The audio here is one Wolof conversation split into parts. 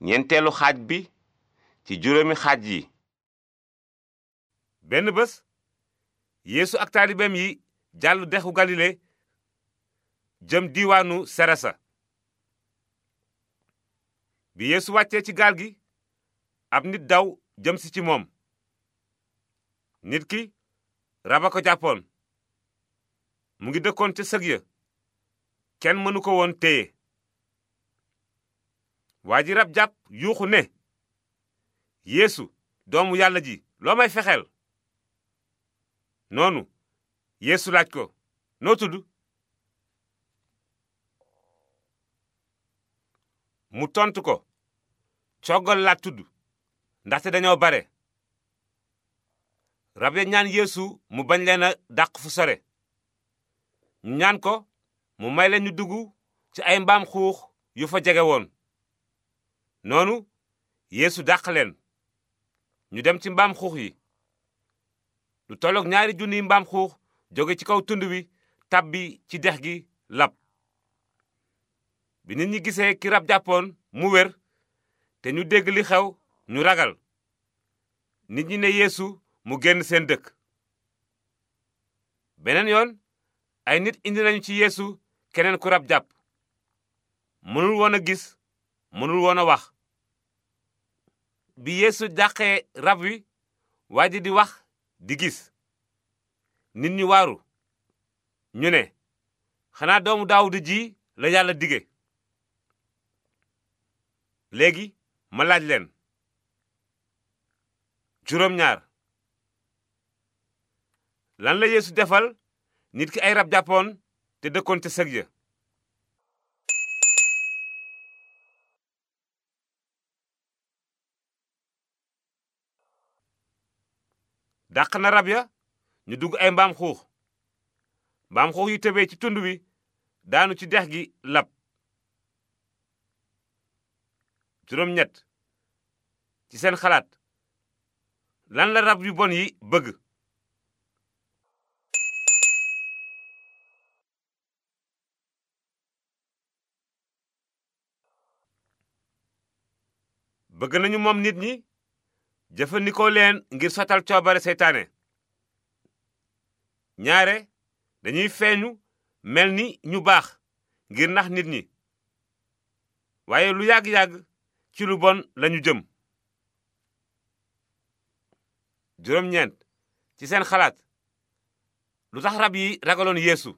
ñeenteelu xaaj bi ci juróomi xaaj yi benn bés yéesu ak taalibeem yi jàll dexu galile jëm diiwaanu seresa bi yeesu wàccee ci gaal gi ab nit daw jëm si ci moom nit ki raba ko jàppoon mu ngi dëkkoon ca sëg ya kenn mënu ko woon téye waa jirab jàpp yuuxu ne yeesu doomu yàlla ji loo may fexeel noonu yéesu laaj ko noo tudd mu tontu ko coggal laa tudd ndaxte dañoo bare rab ya ñaan yeesu mu bañ leen a dàq fu sore ñu ñaan ko mu may leen ñu dugg ci ay mbaam xuux yu fa jege woon noonu yéesu dàq leen ñu dem ci mbaam xuux yi lu tolloog ñaari junniy mbaam xuux jóge ci kaw tund wi tàbbi ci dex gi lab bi nit ñi gisee ki rab jàppoon mu wér te ñu dégg li xew ñu ragal nit ñi ne yéesu mu génn seen dëkk beneen yoon ay nit indi nañu ci yéesu keneen ku rab jàpp mënul woon a gis mënul woon a wax bi yéesu dàqee rab wi waa ji di wax di gis nit ñi waaru ñu ne xanaa doomu daawuda ji la yàlla dige léegi ma laaj leen juróom lan la yéesu defal nit ki ay rab jàppoon te dëkkoon ca sëg ya dàq na rab ya ñu dugg ay mbaam xuux mbaam xuux yu tebee ci tund wi daanu ci dex gi lab juróom ci seen xalaat lan la rab yu bon yi bëgg bëgg nañu moom nit ñi jëfandikoo leen ngir sottal coobare seytaane ñaare dañuy feeñu mel ni ñu baax ngir nax nit ñi waaye lu yàgg-yàgg ci lu bon lañu jëm juróom-ñeent ci seen xalaat lu tax rab yi ragaloon yéesu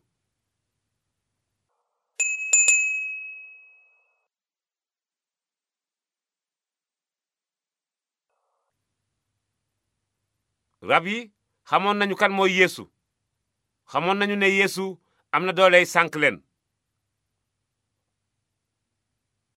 rab yi xamoon nañu kan mooy yéesu xamoon nañu ne yéesu am na dooley sànq leen